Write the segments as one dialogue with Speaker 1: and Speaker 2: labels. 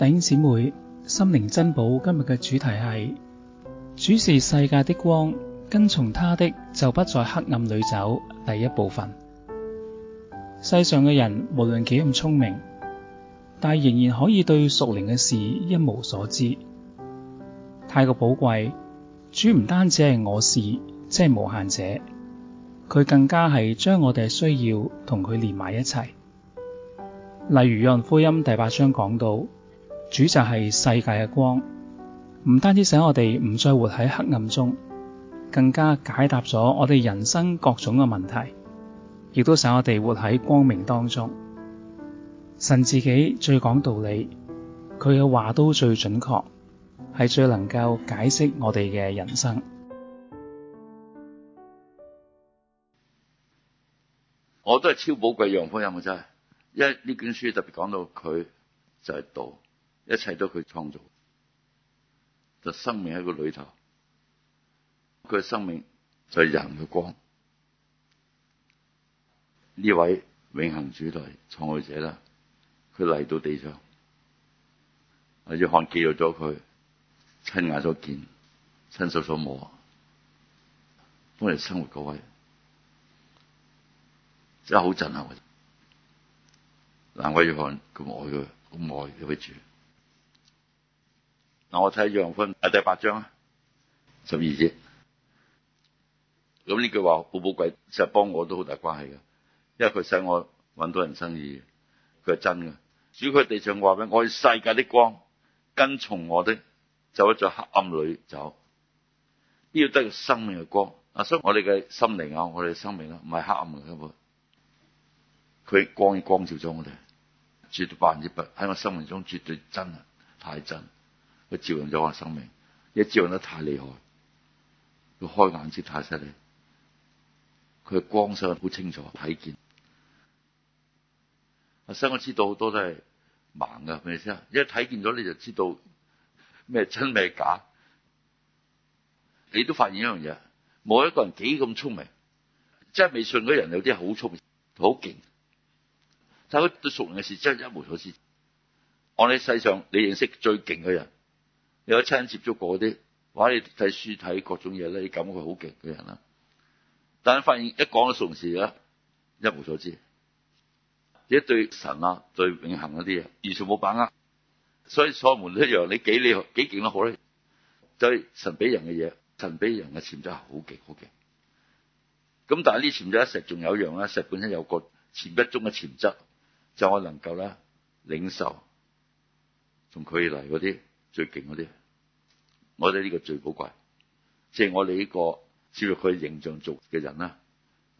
Speaker 1: 弟兄姊妹，心靈珍寶今日嘅主題係主是世界的光，跟從他的，就不在黑暗裡走。第一部分，世上嘅人無論幾咁聰明，但仍然可以對屬靈嘅事一無所知。太過寶貴，主唔單止係我是，即係無限者，佢更加係將我哋需要同佢連埋一齊。例如《約翰福音》第八章講到。主就係世界嘅光，唔單止使我哋唔再活喺黑暗中，更加解答咗我哋人生各種嘅問題，亦都使我哋活喺光明當中。神自己最講道理，佢嘅話都最準確，係最能夠解釋我哋嘅人生。我都係超寶貴《約翰福音》真係，因為呢本書特別講到佢就係道。一切都佢創造，就生命喺個裏頭，佢嘅生命就係人嘅光。呢位永恒主嚟創造者啦，佢嚟到地上，亞約翰記錄咗佢，親眼所見，親手所摸，當年生活嗰位，真係好震撼嘅。亞約翰佢愛佢，好愛呢位主。嗱，我睇《約翰福音》第八章啊，十二節。咁呢句話《寶寶貴》實幫我都好大關係嘅，因為佢使我搵到人生意，佢係真嘅。主佢地上話俾我，我是世界的光，跟從我的，就不在黑暗裏走，呢個得生命嘅光。所以我哋嘅心靈啊，我哋嘅生命啦，唔係黑暗嘅根本。佢光光照咗我哋，絕對百分之百喺我生命中絕對真啊，太真。佢照亮咗我生命，一照亮得太厲害，佢開眼識太犀利，佢光身好清楚睇見。阿生我知道好多都係盲噶，咩意思啊？一睇見咗你就知道咩真咩假，你都發現一樣嘢，冇一個人幾咁聰明，真係未信嗰啲人有啲好聰明好勁，但係佢對熟人嘅事真係一無所知。我喺世上你認識最勁嘅人。有親接觸過嗰啲，或你睇書睇各種嘢咧，你感覺佢好勁嘅人啦。突然發現一講到崇事咧，一無所知。而且對神啊，對永恆嗰啲嘢完全冇把握。所以錯門一樣，你幾你幾勁都好咧。即係、就係、神俾人嘅嘢，神俾人嘅潛質係好勁，好勁。咁但係呢潛質一石，仲有一樣咧，石本身有一個潛一中嘅潛質，就我能夠咧領受同佢嚟嗰啲最勁嗰啲。我哋呢個最寶貴，即係我哋呢個照佢形象做嘅人啦，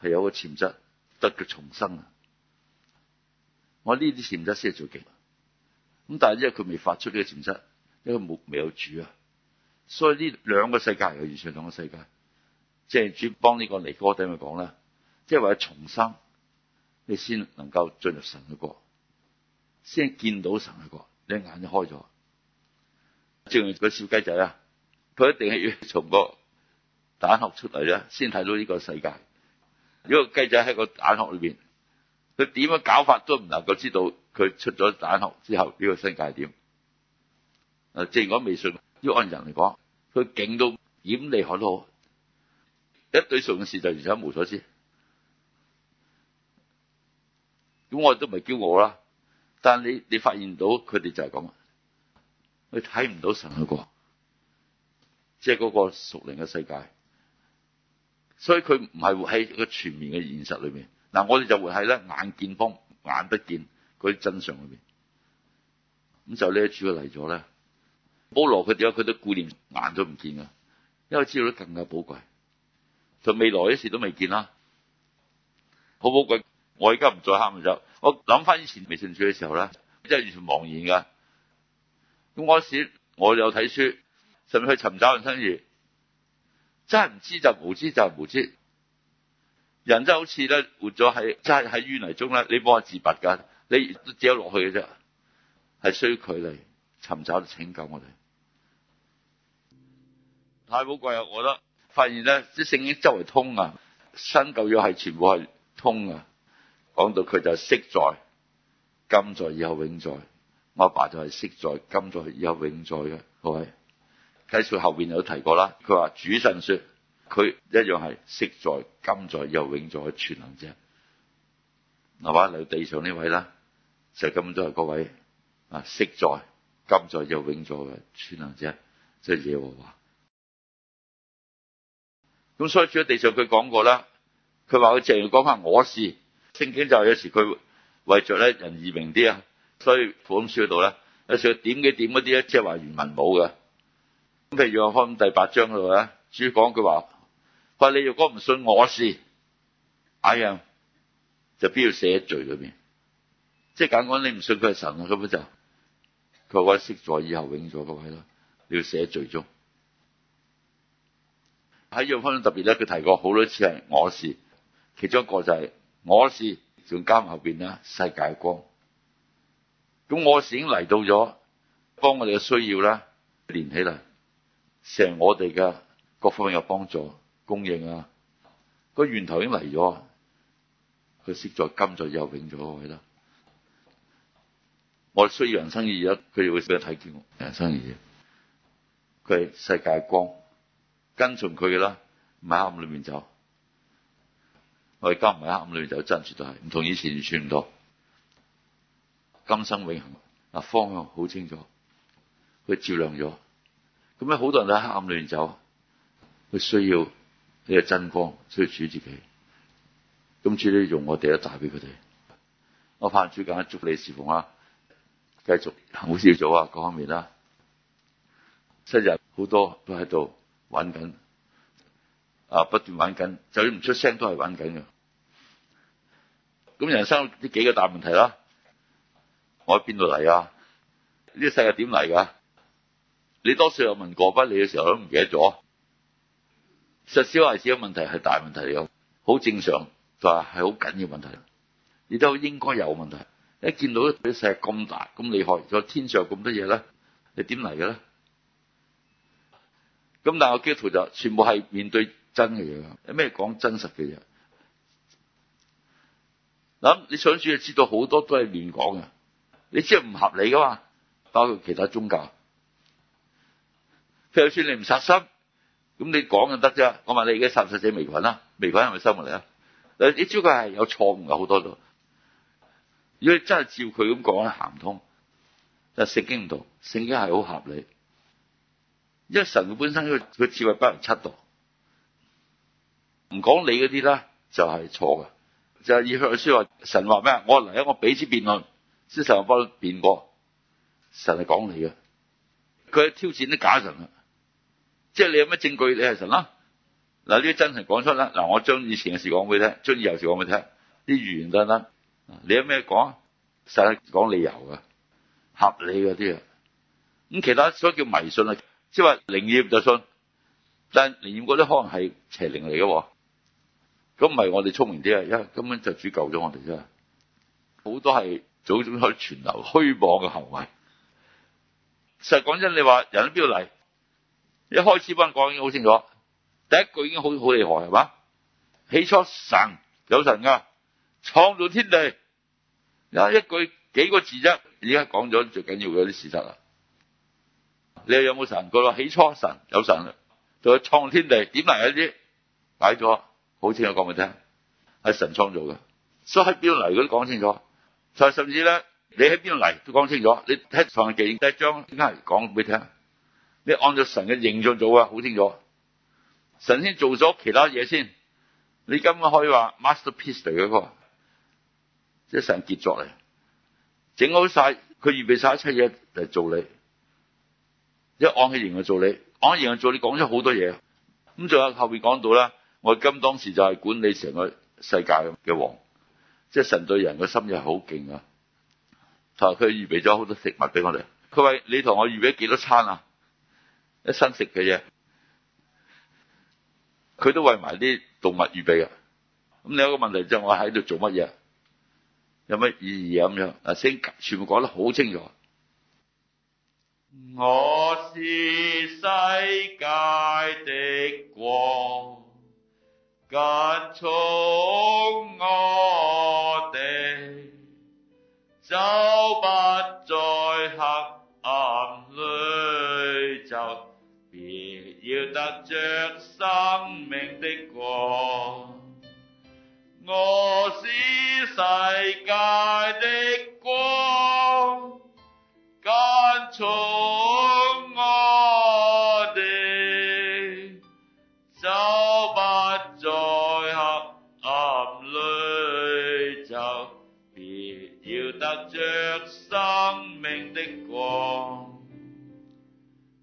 Speaker 1: 係有個潛質得嘅重生啊！我呢啲潛質先係最勁，咁但係因為佢未發出呢個潛質，因為木未有主啊，所以呢兩個世界又完全兩個世界。即係主幫呢個尼哥底去講啦，即係話重生，你先能夠進入神嘅國，先見到神嘅國，你眼就開咗。正如個小雞仔啊～佢一定係要從個蛋殼出嚟咧，先睇到呢個世界。如果雞仔喺個蛋殼裏邊，佢點樣搞法都唔能夠知道佢出咗蛋殼之後呢個世界點。啊，即係講未信，要按人嚟講，佢勁到咁厲害都好，一對上嘅事就而且冇所知。咁我都唔係驕傲啦，但係你你發現到佢哋就係咁啊，佢睇唔到神嘅國。即係嗰個屬靈嘅世界，所以佢唔係喺個全面嘅現實裏面。嗱，我哋就會喺咧眼見方、眼不見嗰啲真相裏面。咁就呢一主佢嚟咗咧，保羅佢點解佢都顧念眼都唔見噶，因為知道得更加寶貴。就未來一時都未見啦，好寶貴。我而家唔再喊咗，我諗翻以前未信主嘅時候咧，真係完全茫然噶。咁嗰時我有睇書。甚至去尋找人生意，真係唔知就無知就無知。人真係好似咧，活咗喺真係喺淤泥中咧，你冇法自拔噶，你只有落去嘅啫。係需要佢嚟尋找拯救我哋。太寶貴啦！我覺得發現咧，啲聖經周圍通啊，新舊約係全部係通啊。講到佢就釋在今在，今在以後永在。我阿爸就係昔在今在，今在以後永在嘅，各位。介紹後邊有提過啦。佢話主神説：佢一樣係昔在、今在、又永在嘅全能者，係嘛？嚟地上呢位啦，就根本都係嗰位啊，昔在、今在、又永在嘅全能者，即係耶和華。咁所以，住喺地上佢講過啦。佢話佢淨係要講返我事。聖經就係有時佢為著咧人易明啲啊，所以本書度啦。有時點幾點嗰啲咧，即係話原文冇嘅。咁第二約翰第八章嗰度咧，主講佢話：，佢話，你如果唔信我是，哎呀，就必要寫喺罪裏邊。即係簡單講，你唔信佢係神啊，根本就佢話識咗以後永咗各位啦，你要寫喺罪中。喺呢個方面特別咧，佢提過好多次係我是，其中一個就係我是，仲加後邊啦，世界光。咁我是已經嚟到咗，幫我哋嘅需要啦，連起啦成我哋嘅各方面有幫助，供應啊，個源頭已經嚟咗，佢識在金在又永咗，係咯。我需要人生意義，佢又會識得睇見我人生意義，佢係世界光，跟從佢啦，唔喺黑暗裏面走。我哋今唔喺黑暗裏面走，真絕對係唔同以前，算唔到。今生永恆啊，方向好清楚，佢照亮咗。咁咧好多人都喺黑暗裏面走，佢需要呢個真光，需要主自己，咁主咧用我哋一帶俾佢哋。我凡主更加祝福你事奉呀，繼續行好事做啊，各方面啦。今日好多都喺度玩緊，啊不斷玩緊，就算唔出聲都係玩緊嘅。咁人生呢幾個大問題啦，啊，我喺邊度嚟啊？呢個世界點嚟噶？你多數有問過不？你嘅時候都唔記得咗。實小孩子嘅問題係大問題嚟，好正常，就係係好緊要問題。你都應該有問題。一見到你世界咁大咁厲害，有天上咁多嘢咧，你點嚟嘅咧？咁但係我基督徒就全部係面對真嘅嘢，有咩講真實嘅嘢？諗你上主就知道好多都係亂講嘅，你知係唔合理噶嘛？包括其他宗教。佢就算你唔殺生，咁你講就得啫。我話你而家殺唔殺死微菌啦？微菌係咪生物嚟啊？嗱，你只不過係有錯誤嘅好多咗。如果你真係照佢咁講行唔通，就聖、是、經唔到，聖經係好合理，因為神佢本身佢佢智慧不能七度，唔講你嗰啲啦，就係錯嘅。就以向書話神話咩啊？我嚟一我彼此辯論，先神幫辯過。神係講理嘅，佢挑戰啲假神啊！即係你有咩證據？你係神啦，嗱呢啲真神講出啦，嗱我將以前嘅事講俾你聽，將以後事講俾你聽，啲預言得啦。你有咩講？實係講理由嘅，合理嗰啲啊。咁其他所以叫迷信啊，即係話靈驗就信，但係靈驗嗰啲可能係邪靈嚟嘅，咁唔係我哋聰明啲啊，因為根本就主救咗我哋啫，好多係祖宗所傳流虛妄嘅行為。實講真，你話人都邊度嚟？一開始幫人講已經好清楚，第一句已經好好厲害係嘛？起初神有神噶，創造天地，有一句幾個字啫，而家講咗最緊要嗰啲事實啊。你有冇神？佢話起初神有神啦，再創天地，點嚟嘅啲，擺咗，好清楚講俾聽，係神創造嘅，所以喺邊度嚟，佢都講清楚。再甚至咧，你喺邊度嚟都講清楚。你睇創世記第一章，點解講俾聽？你按咗神嘅形象做啊，好清楚。神先做咗其他嘢先，你今日可以話 masterpiece 嚟嘅即係、就是、神傑作嚟。整好晒，佢預備晒一切嘢嚟做你。一按佢形去做你，按形去做你，講咗好多嘢。咁仲有後邊講到啦，我今當時就係管理成個世界嘅王，即、就、係、是、神對人嘅心意係好勁啊。啊，佢預備咗好多食物俾我哋。佢話：你同我預備幾多餐啊？一生食嘅嘢，佢都為埋啲動物預備啊。咁你有個問題就係我喺度做乜嘢？有乜意義咁樣？嗱，先全部講得好清楚。我是世界的光，間錯。